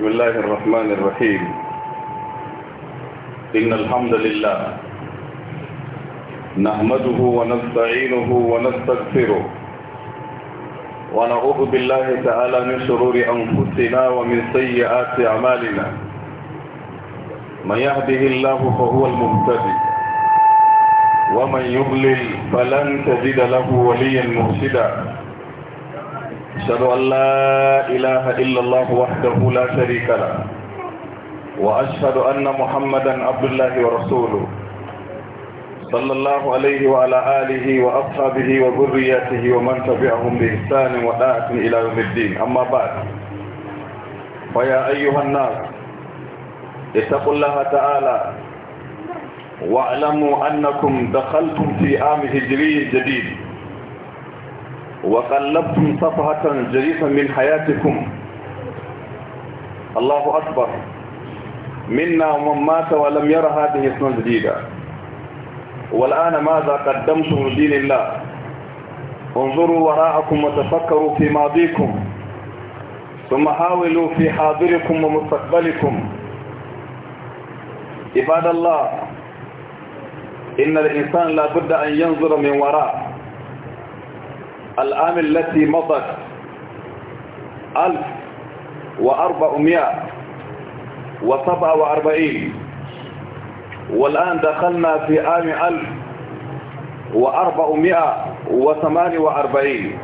بسم الله الرحمن الرحيم إن الحمد لله نحمده ونستعينه ونستغفره ونعوذ بالله تعالى من شرور أنفسنا ومن سيئات أعمالنا من يهده الله فهو المهتدي ومن يضلل فلن تجد له وليا مرشدا أشهد أن لا إله إلا الله وحده لا شريك له وأشهد أن محمدا عبد الله ورسوله صلى الله عليه وعلى آله وأصحابه وذرياته ومن تبعهم بإحسان وداعة إلى يوم الدين أما بعد فيا أيها الناس اتقوا الله تعالى واعلموا أنكم دخلتم في عام هجري جديد وقلبتم صفحة جديدة من حياتكم الله أكبر منا ومن مات ولم ير هذه اسما جديدة والآن ماذا قدمتم لدين الله انظروا وراءكم وتفكروا في ماضيكم ثم حاولوا في حاضركم ومستقبلكم عباد الله إن الإنسان لا بد أن ينظر من وراء الآن التي مضت 1447 والآن دخلنا في عام 1448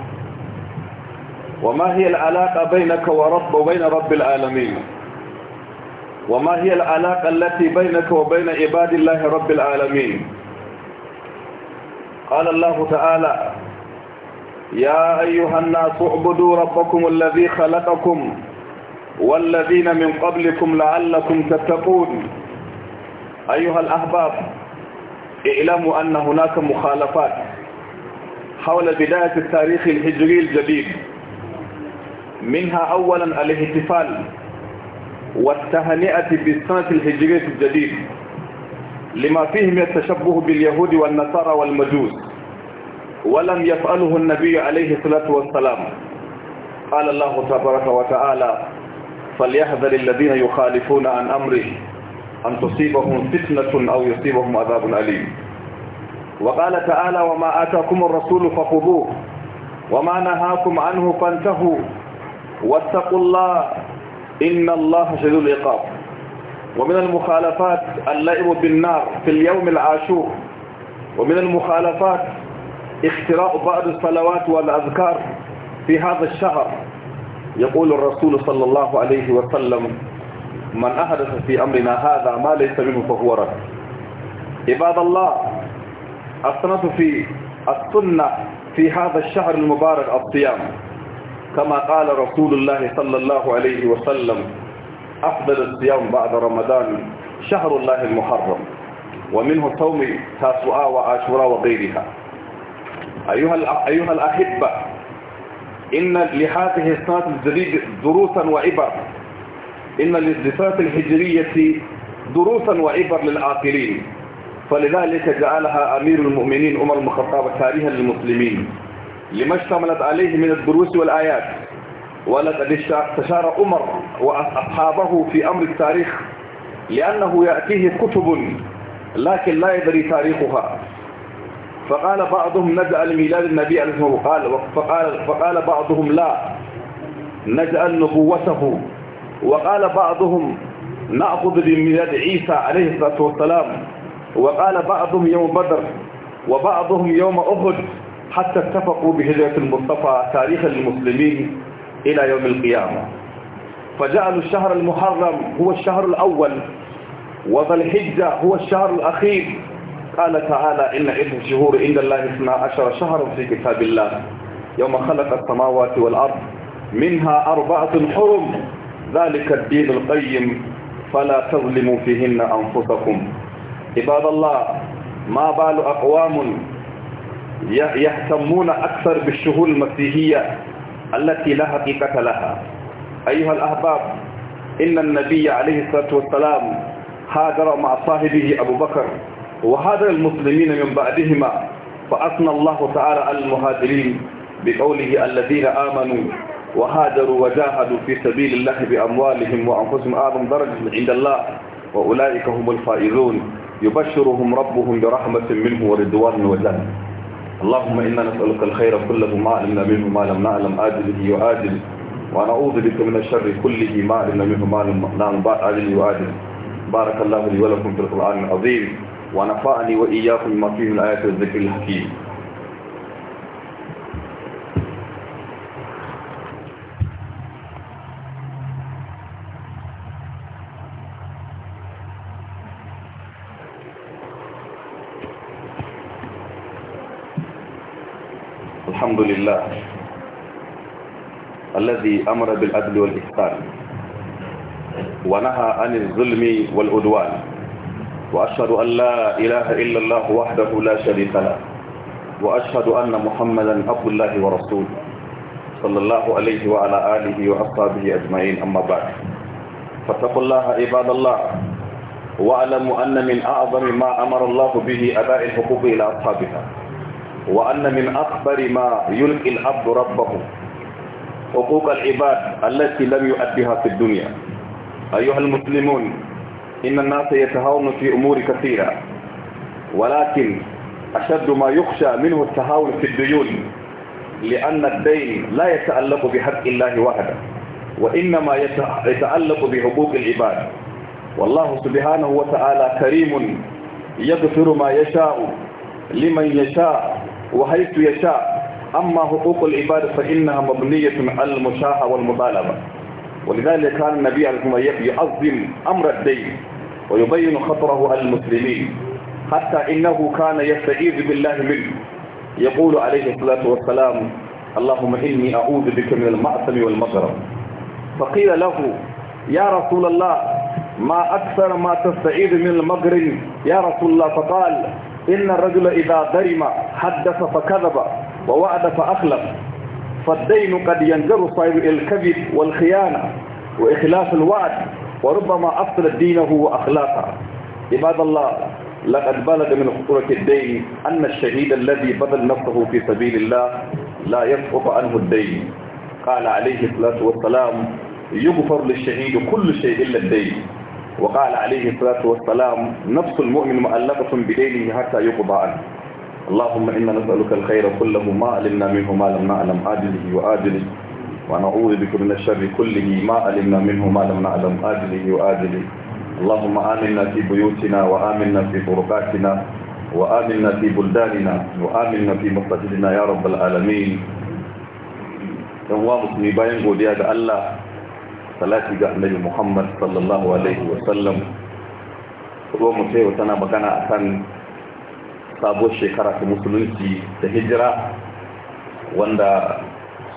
وما هي العلاقة بينك ورب وبين رب العالمين وما هي العلاقة التي بينك وبين عباد الله رب العالمين قال الله تعالى يا أيها الناس اعبدوا ربكم الذي خلقكم والذين من قبلكم لعلكم تتقون أيها الأحباب اعلموا أن هناك مخالفات حول بداية التاريخ الهجري الجديد منها أولا الاحتفال والتهنئة بالسنة الهجرية الجديد لما فيه من التشبه باليهود والنصارى والمجوس ولم يفعله النبي عليه الصلاة والسلام قال الله تبارك وتعالى فليحذر الذين يخالفون عن أمره أن تصيبهم فتنة أو يصيبهم عذاب أليم وقال تعالى وما آتاكم الرسول فخذوه وما نهاكم عنه فانتهوا واتقوا الله إن الله شديد العقاب ومن المخالفات اللعب بالنار في اليوم العاشور ومن المخالفات اختراع بعض الصلوات والأذكار في هذا الشهر يقول الرسول صلى الله عليه وسلم من أحدث في أمرنا هذا ما ليس منه فهو رد عباد الله السنة في السنة في هذا الشهر المبارك الصيام كما قال رسول الله صلى الله عليه وسلم أفضل الصيام بعد رمضان شهر الله المحرم ومنه صوم تاسعاء وعاشوراء وغيرها أيها, أيها الأحبة إن لهذه السنة الجديدة دروسا وعبر إن للدفات الهجرية دروسا وعبر للعاقلين فلذلك جعلها أمير المؤمنين عمر بن الخطاب تاريخا للمسلمين لما اشتملت عليه من الدروس والآيات ولقد استشار عمر وأصحابه في أمر التاريخ لأنه يأتيه كتب لكن لا يدري تاريخها فقال بعضهم نجعل ميلاد النبي عليه الصلاة والسلام فقال, فقال بعضهم لا نجعل نبوته وقال بعضهم نأخذ بميلاد عيسى عليه الصلاة والسلام وقال بعضهم يوم بدر وبعضهم يوم أحد حتى اتفقوا بهجرة المصطفى تاريخ المسلمين إلى يوم القيامة فجعلوا الشهر المحرم هو الشهر الأول وظل الحجة هو الشهر الأخير قال تعالى إن عدة الشهور عند الله اثنا عشر شهرا في كتاب الله يوم خلق السماوات والأرض منها أربعة حرم ذلك الدين القيم فلا تظلموا فيهن أنفسكم عباد الله ما بال أقوام يهتمون أكثر بالشهور المسيحية التي لا حقيقة لها أيها الأحباب إن النبي عليه الصلاة والسلام هاجر مع صاحبه أبو بكر وهذا المسلمين من بعدهما فأثنى الله تعالى على المهاجرين بقوله الذين آمنوا وهاجروا وجاهدوا في سبيل الله بأموالهم وأنفسهم أعظم آه، درجة عند الله وأولئك هم الفائزون يبشرهم ربهم برحمة منه ورضوان وجنة اللهم إنا نسألك الخير كله ما علمنا منه ما لم نعلم آجله وآجل ونعوذ بك من الشر كله ما علمنا منه ما لم نعلم آجله وآجل بارك الله لي ولكم في القرآن العظيم ونفعني وإياكم ما فيه الآية والذكر الحكيم الحمد لله الذي أمر بالعدل والإحسان ونهى عن الظلم والعدوان وأشهد أن لا إله إلا الله وحده لا شريك له وأشهد أن محمدا عبد الله ورسوله صلى الله عليه وعلى آله وأصحابه أجمعين أما بعد فاتقوا الله عباد الله واعلموا أن من أعظم ما أمر الله به أداء الحقوق إلى أصحابها وأن من أكبر ما يلقي العبد ربه حقوق العباد التي لم يؤدها في الدنيا أيها المسلمون إن الناس يتهاون في أمور كثيرة ولكن أشد ما يخشى منه التهاون في الديون لأن الدين لا يتعلق بحق الله وحده وإنما يتعلق بحقوق العباد والله سبحانه وتعالى كريم يغفر ما يشاء لمن يشاء وحيث يشاء أما حقوق العباد فإنها مبنية على المشاحة والمطالبة ولذلك كان النبي عليه الصلاة والسلام يعظم أمر الدين ويبين خطره على المسلمين حتى إنه كان يستعيذ بالله منه يقول عليه الصلاة والسلام اللهم إني أعوذ بك من المعصم والمغرب فقيل له يا رسول الله ما أكثر ما تستعيذ من المغرب يا رسول الله فقال إن الرجل إذا درم حدث فكذب ووعد فأخلف فالدين قد ينجر صاحب الكذب والخيانة وإخلاف الوعد وربما أفسد دينه وأخلاقه عباد الله لقد بلغ من خطورة الدين أن الشهيد الذي بذل نفسه في سبيل الله لا يسقط عنه الدين قال عليه الصلاة والسلام يغفر للشهيد كل شيء إلا الدين وقال عليه الصلاة والسلام نفس المؤمن مؤلفة بدينه حتى يقضى عنه اللهم إنا نسألك الخير كله ما علمنا منه ما لم نعلم عاجله وآجله ونعوذ بك من الشر كله ما علمنا منه ما لم نعلم آجله وآجله اللهم آمنا في بيوتنا وآمنا في برقاتنا وآمنا في بلداننا وآمنا في مساجدنا يا رب العالمين yan uwa musulmi bayan godiya ga Allah salati ga annabi Muhammad sallallahu alaihi wa sallam kuma mu sai tana magana akan sabuwar shekara ta musulunci da hijira wanda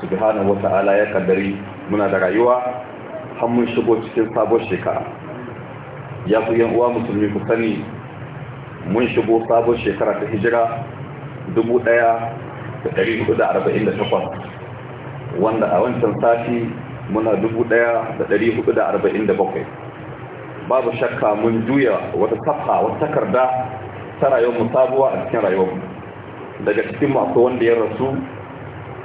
subhanahu wata'ala ya kaddari muna da rayuwa har mun shigo cikin sabon shekara ya ku yan uwa musulmi ku sani mun shigo sabon shekara ta hijira 1448 wanda a wancan sati muna 1447 babu shakka mun juya wata safa wata takarda ta rayuwar mu sabuwa a cikin rayuwar mu daga cikin masu wanda ya rasu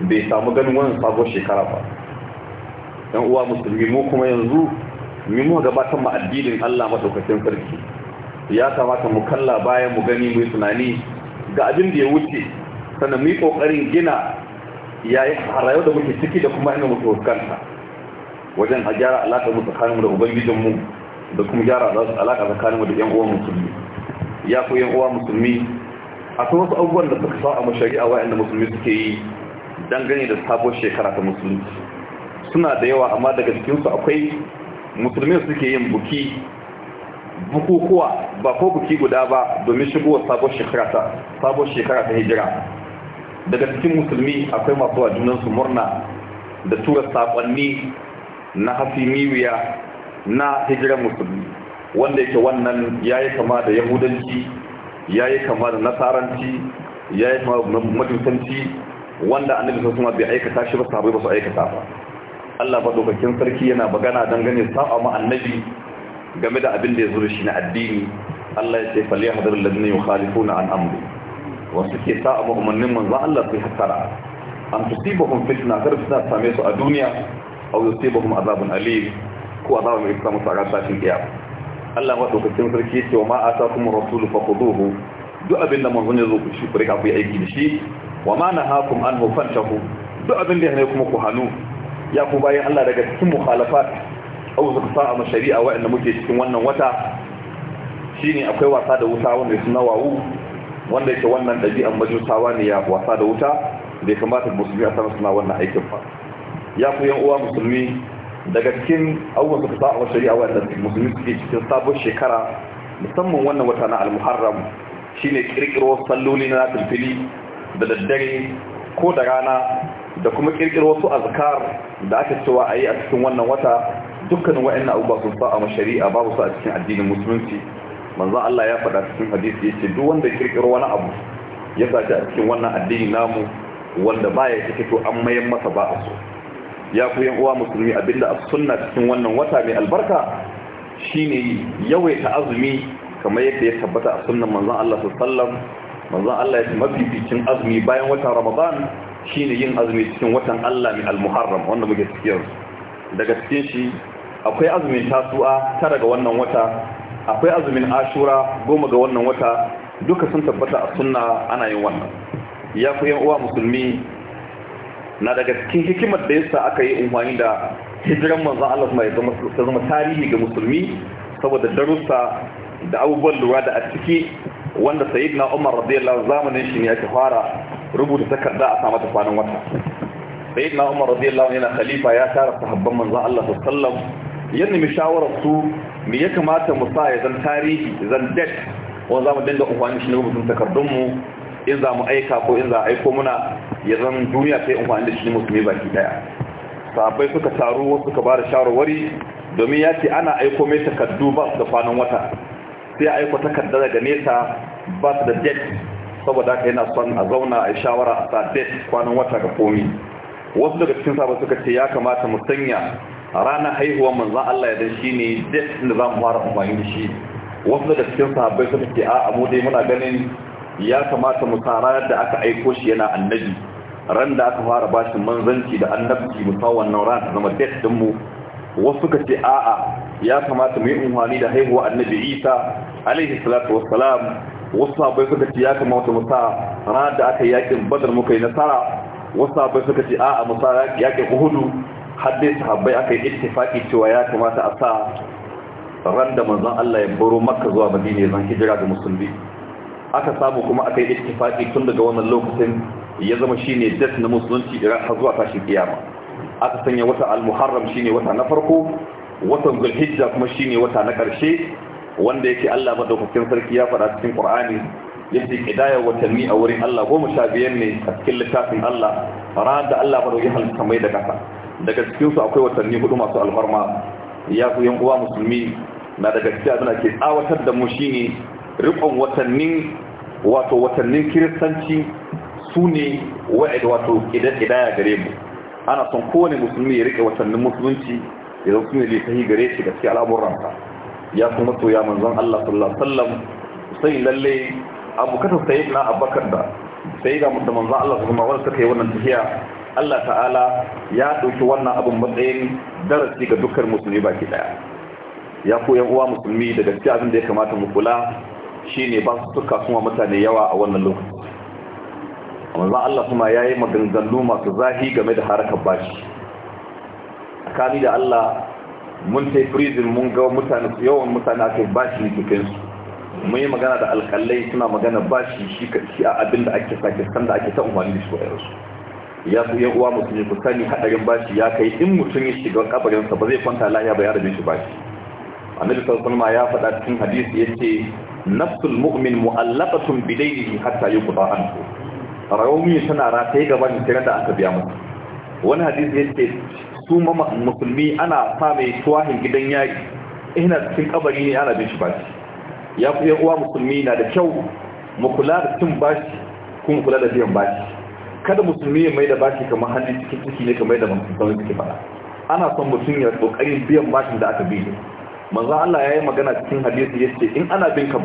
bai samu ganin wani sabon shekara ba yan uwa musulmi mu kuma yanzu mu mu gabatar mu addinin Allah madaukakin sarki ya kamata mu kalla bayan mu gani mu tunani ga abin da ya wuce sannan mu yi kokarin gina yayin harayau da muke ciki da kuma ina muke fuskanta wajen a gyara alaƙa mu tsakaninmu da mu, da kuma gyara alaƙa tsakaninmu da yan uwa musulmi ya ku yan uwa musulmi akwai wasu abubuwan da suka sa a mashari'a wa'anda musulmi suke yi dangane da sabon shekara ta musulunci suna da yawa amma daga cikinsu akwai musulmi suke yin buki bukukuwa ba ko buki guda ba domin shigowar sabon shekara ta sabon shekara ta hijira daga cikin musulmi akwai masu wa junansu murna da tura saƙonni na hafi miwiya na hijirar musulmi wanda yake wannan ya yi kama da yahudanci ya yi kama da nasaranci ya yi kama da majusanci wanda annabi sallallahu alaihi bai aikata shi ba sahabbai ba su aikata ba Allah ba dokokin sarki yana magana dangane sa'a ma annabi game da abin da ya zuru shi na addini Allah ya ce falyahdhar alladhina yukhalifuna an amri wasu ke sa'a ma umarnin manzo Allah sai hasara an tusibahum fitna kar fitna same su a duniya aw yusibahum azabun alim ko azabun mai kama sa ga tashin kiyama Allah ba dokokin sarki ya ce wa ma atakum rasulu faquduhu duk abin da manzo ya zo ku shi ku rika ku yi aiki da shi wa ma nahakum an hufantahu duk abin da ya ne kuma ku hanu ya ku bayan Allah daga cikin mukhalafat au zuka a mashari'a wa'anda muke cikin wannan wata shine akwai wasa da wuta wanda suna wawu wanda yake wannan dabi'an majusawa ne ya wasa da wuta bai kamata musulmi a sanar suna wannan aikin ba ya ku yan uwa musulmi daga cikin abubuwan suka sa a shari'a wanda musulmi suke cikin sabon shekara musamman wannan wata na al-muharram shine kirkiro salloli na fili? da daddare ko da rana da kuma kirkiro wasu azkar da aka cewa a yi a cikin wannan wata dukkanin wa'annan abubuwa sun sa a mashari'a babu su a cikin addinin musulunci manzon Allah ya faɗa cikin hadisi yace duk wanda kirkiro wani abu ya sace a cikin wannan addini namu wanda ba cike to an mayan masa ba a so ya ku yan uwa musulmi abinda a sunna cikin wannan wata mai albarka shine yawaita azumi kamar yadda ya tabbata a sunnan manzon Allah sallallahu alaihi wasallam manzon Allah ya ce mafificin azumi bayan watan Ramadan shine yin azumi cikin watan Allah mai al-Muharram wanda muke cikin daga cikin shi akwai azumin tasu'a tara ga wannan wata akwai azumin ashura goma ga wannan wata duka sun tabbata a sunna ana yin wannan ya ku yan uwa musulmi na daga cikin hikimar da yasa aka yi umarni da hijiran manzon Allah mai zama tarihi ga musulmi saboda darussa da abubuwan lura da a ciki wanda sayyidina umar radiyallahu zamanin shi ne aka fara rubuta takarda a samata kwanan wata sayyidina umar radiyallahu yana khalifa ya tara sahabban manzan Allah sallallahu alaihi wasallam ya nemi su me ya kamata mu sa ya zan tarihi zan det wanda zamu dinga amfani shi ne rubutun takardun mu in za mu aika ko in za a aiko muna ya zan duniya sai amfani da shi musulmi baki daya sahabbai suka taru suka ba da shawarwari domin ya ce ana aiko mai takardu ba su da kwanan wata sai aiko takarda daga nesa ba su da date saboda haka yana son a zauna a shawara a sa date kwanan wata ga komi wasu daga cikin sabon suka ce ya kamata mu sanya ranar haihuwar manzan Allah ya dan shi ne date da za mu fara amfani da shi wasu daga cikin sabon suka ce a mu dai muna ganin ya kamata mu tsara da aka aiko shi yana annabi ran da aka fara bashi manzanci da annabci mu sa wannan ran ta zama date din mu wasu suka ce a'a ya kamata mu yi umarni da haihuwa annabi isa alaihi salatu wassalam wasu sabai suka ce ya kamata mu sa ranar da aka yakin badar muka yi nasara wasu sabai suka ce a'a mu sa yakin uhudu har dai sahabbai aka yi ittifaki cewa ya kamata a sa ran da manzon Allah ya baro makka zuwa madina zan hijira ga musulmi aka samu kuma aka yi ittifaki tun daga wannan lokacin ya zama shine dat na musulunci da har zuwa tashin kiyama aka sanya wata al-muharram shine wata na farko watan zulhijja kuma shine wata na karshe wanda yake Allah madaukakin sarki ya faɗa cikin Qur'ani yace kidaya watanni a wurin Allah goma sha biyar ne a cikin littafin Allah Ranar da Allah madaukakin halitta mai da kasa daga cikin su akwai watanni hudu masu alfarma ya ku yan uwa musulmi na daga cikin abin da ke tsawatar da mu shine riƙon watannin wato watannin kiristanci su ne wa'id wato ƙidaya gare mu ana son kowane musulmi ya riƙe watannin musulunci ya zama su ne littafi gare shi gaske al'amuransa ya kuma ya manzon Allah sallallahu alaihi wasallam sai lalle abokan sai na abakar da sai ga mutum manzon Allah kuma wanda suka yi wannan tafiya Allah ta'ala ya ɗauki wannan abun matsayin darasi ga dukkan musulmi baki daya ya koya uwa musulmi da gaske abin da ya kamata mu kula shine ba su tuka kuma mutane yawa a wannan lokaci amma Allah kuma yayi maganganu masu zahi game da harakar bashi tsakani da Allah mun sai mun ga mutane yawan mutane ake bashi cikinsu mun yi magana da alƙalai suna magana bashi shi ka a abin da ake sake san da ake ta umarni da shi wa'ayarsu ya ku yan uwa mutum ku sani haɗarin bashi ya kai in mutum ya shiga kabarinsa ba zai kwanta lahiya ba ya rabe shi bashi annabi sallallahu alaihi ya faɗa cikin hadisi yace nafsul mu'min mu'allaqatun bidayhi hatta yuqda anhu rawmi tana rataye gaban tare da aka biya mu wani hadisi yace su musulmi ana sa mai tuwahin gidan yari ina cikin kabari ne ana bin shi shi ya fi yan uwa musulmi na da kyau mu kula da cin bashi kuma kula da biyan shi kada musulmi ya mai da shi kamar hannun cikin ciki ne kamar da musulmi suke faɗa ana son mutum ya kokarin biyan bashin da aka bi manzo Allah ya yi magana cikin hadisi yace in ana bin ka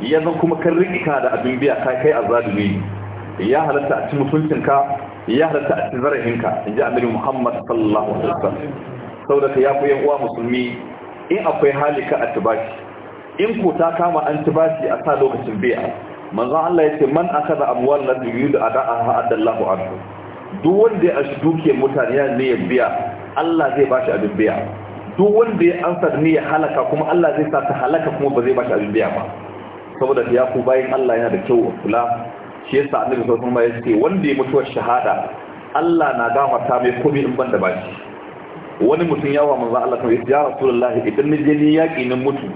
shi yanzu kuma kan rikika da abin biya kai kai ne ya halatta a cikin mutuncinka ya halatta a cikin in ji annabi muhammad sallallahu alaihi wasallam saboda ka ya koyan uwa musulmi in akwai halika a tibaki in ko ta kama an tibaki a sa lokacin biya manzo Allah ya ce man akaza amwal la yudu ada'aha adallahu anhu duk wanda ya ashi duke mutane ya ne ya biya Allah zai ba shi abin biya duk wanda ya ansa ne ya halaka kuma Allah zai sa ta halaka kuma ba zai ba shi abin biya ba saboda ya ku bayan Allah yana da kyau kula shi yasa annabi sallallahu alaihi wasallam yace wanda ya mutuwar shahada Allah na gafarta mai komai in banda baki wani mutum yawa manzo Allah ta yace ya rasulullah idan ni je ni yaki nan mutu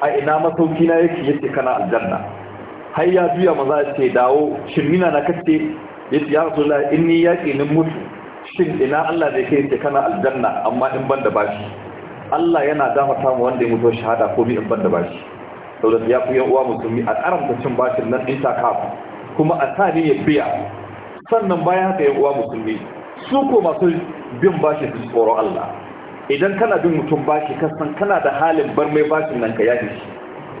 a ina masauki na yake yace kana aljanna har ya juya manzo ya ce dawo shirmina na kace yace ya rasulullah in ni yaki nan mutu shin ina Allah zai kai yace kana aljanna amma in banda baki Allah yana gafarta mu wanda ya mutuwar shahada komai in banda baki saboda ya ku yan uwa musulmi a karanta cin bashin nan in ta kafa kuma a sa ya fiya sannan bayan haka yan uwa musulmi su ko masu bin bashi su tsoron Allah idan kana bin mutum bashi kasan kana da halin bar mai bashin nan ka yaji shi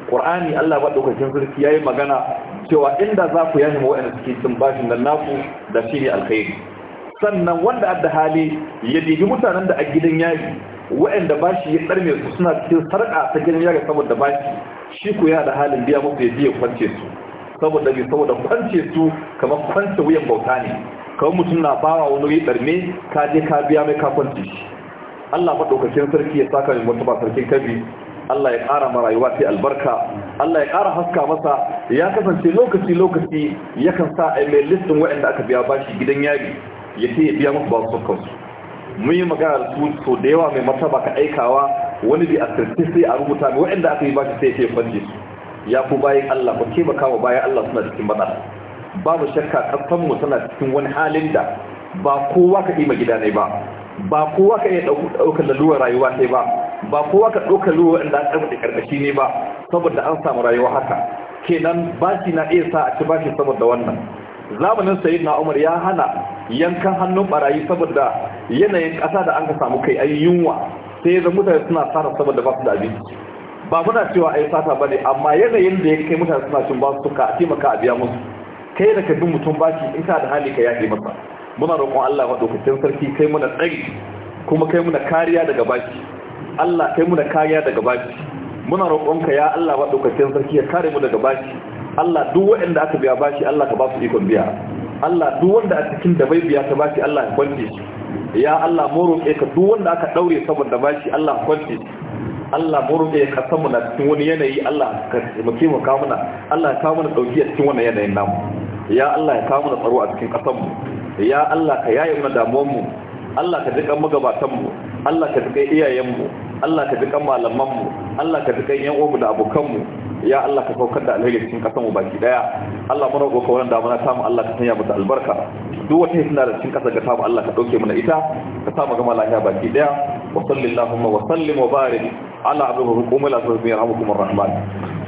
Qur'ani Allah madaukakin sarki yi magana cewa inda za ku yaji wa'anda suke cin bashin nan naku da shi ne alkhairi sannan wanda adda hali ya dibi mutanen da a gidan yaji wa'anda bashi ya tsarme su suna cikin sarƙa ta gidan yaji saboda bashi shi ku yana da halin biya muku ya biya kwance su saboda bai saboda kwance su kamar kwance wuyan bauta ne kawai mutum na bawa wani wuyi ɗarme ka je ka biya mai ka shi Allah maɗaukakin sarki ya saka mai wata ba sarkin kabi Allah ya ƙara marayuwa sai albarka Allah ya ƙara haska masa ya kasance lokaci lokaci yakan sa a mai listin waɗanda aka biya shi gidan yari ya ce ya biya masu ba su kansu mun yi magana da su to da yawa mai martaba ka aikawa wani bi a sai a rubuta mai waɗanda aka yi shi sai ya ce ya fance su ya fi bayan Allah ba ke baka wa bayan Allah suna cikin matsala babu shakka kafan mu suna cikin wani halin da ba kowa ka ima gida ne ba ba kowa ka iya ɗaukar laluwar rayuwa sai ba ba kowa ka ɗaukar laluwar inda an da karkashi ne ba saboda an samu rayuwa haka kenan baki na iya sa a ci bashi saboda wannan zamanin sayyid na umar ya hana yankan hannun barayi saboda yanayin ƙasa da an ka samu kai ayi yunwa sai ya zama mutane suna fara saboda ba su da abinci ba muna cewa ai fata bane amma yanayin da ya kai mutane suna cin basu suka a taimaka a biya musu kai da ka bi mutum baki in ka da hali ka yaƙi masa muna roƙon Allah ɗaukacin sarki kai muna tsari kuma kai muna kariya daga baki Allah kai muna kariya daga baki muna roƙonka ya Allah ɗaukacin sarki ya kare mu daga baki Allah duk waɗanda aka biya bashi Allah ka ba su ikon biya Allah duk wanda a cikin da bai biya ta bashi Allah ya kwance shi ya Allah mu roƙe ka duk wanda aka daure saboda bashi Allah kwance shi Allah mu rufe ka samu na cikin wani yanayi Allah ka taimake mu kawo muna Allah ya muna dauki a cikin wani yanayin namu ya Allah ya kawo muna tsaro a cikin kasan mu ya Allah ka yaye muna damuwar mu Allah ka dukan magabatan mu Allah ka dukan iyayen mu Allah ka dukan malaman mu Allah ka dukan yan uwanmu da abokan mu ya Allah ka saukar da alheri cikin kasan mu baki daya Allah mu roƙo ka wannan damuna ta mu Allah ka sanya mu da albarka duk wata hisna da cikin kasar ga ta mu Allah ka dauke mana ita ka sa mu gama lafiya baki daya wa sallallahu wa sallim wa barik ala abu wa qumila sallallahu alaihi wa rahman